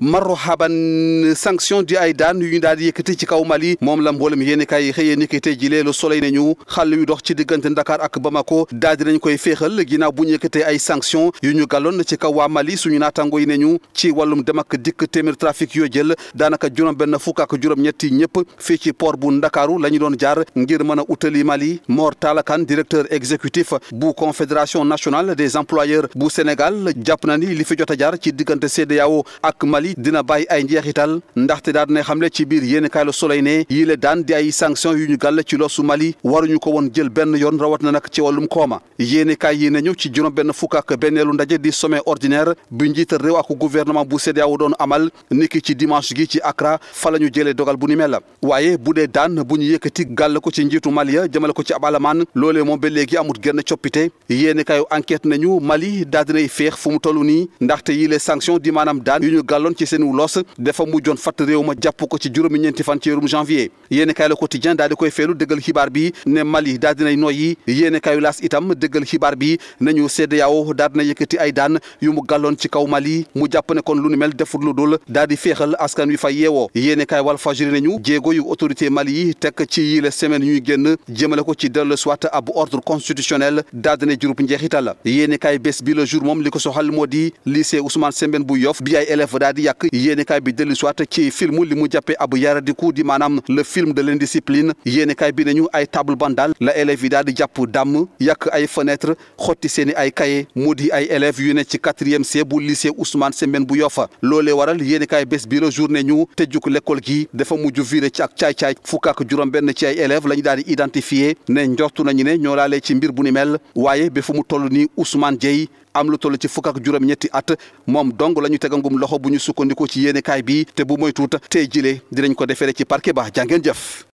marhaban sanction di ay daan yu ñu daal di ci kaw Mali moom la mboolem yéeni kaay xëyee ni ki tey jilee Le Soleil ne ñu xàll yu dox ci diggante Dakar ak Bamako daal di koy féexal ginnaaw bu ñu yëkkatee ay sanction yu ñu gàlloon ci kaw wa Mali suñu naatango yi ne ñu ci wàllum dem dikk téeméer trafic yoo jël daanaka juróom benn fu ak juróom ñetti ñëpp fi ci port bu Ndakaaru la ñu doon jaar ngir mën a utali Mali Mor Talla Kane directeur exécutif bu confédération nationale des employeurs bu Sénégal jàpp na ni li fi jot a jaar ci diggante CEDEAO ak tribunal yi dina bàyyi ay njeexital ndaxte daa dina xamle ci biir yéeni kaay la Soleil ne yi la daan di ay sanction yu ñu gàll ci loosu Mali waruñu ko woon jël benn yoon rawat na nag ci wàllum kooma yéeni kaay yi nañu ci juróom benn fukk ak benneelu ndaje di sommet ordinaire bi njiital réew ak gouvernement bu CEDEAO doon amal niki ci dimanche gi ci Accra fa la ñu jëlee dogal bu ni mel la waaye bu dee daan bu ñu yëkkati gàll ko ci njiitu Mali ya jëmale ko ci ab alamaan loolee moom ba léegi amut genn coppite yéeni kaayu enquête nañu Mali daa dinay mu toll nii ndaxte woon ci seenu loos dafa mujjoon fatt réew ma jàpp ko ci juróomi ñeenti fan ci weerum janvier yéeni kaay le quotidien daal di koy feelu dëggal xibaar bi ne Mali daal dinay noyyi yéeni laas itam dëggal xibaar bi nañu CEDEAO daal dina yëkkati ay daan yu mu gàlloon ci kaw Mali mu jàpp ne kon lu ni mel deful dul daal di askan wi fa yeewoo yéeni kaay Walf Fadjri nañu jéego yu autorité Mali tek ci yi la semaine génn jëmale ko ci dellu soit ab ordre constitutionnel daal di yàq yéenekaay bi dellu siwaat ci film li mu jàppee abu yaradiku di maanaam le film de l'indiscipline yéenekaay bi nañu ay table ban daal la élèves yi daal di jàpp dàmm yàq ay fenêtre xotti seen i ay cahier mu di ay élèves yu ne ci quatrième C bu lycée Ousmane Sembène bu Yoff loolee waral yéenekaay bés bi la journée ñu tëjug l'école gi dafa mujj viré ci ak caay-caay fukk ak juróom benn ci ay élèves lañu daal di identifié ne njortu nañu ne ñoo laalee ci mbir bu ni mel waaye ba fu mu toll nii Ousmane Dieye am lu toll ci fukk ak juróom ñetti at moom dong la ñu sukkandikoo ci yéenekaay bi te bu moytuwut tey jile dinañ ko defere ci parquet ba jàngeen jëf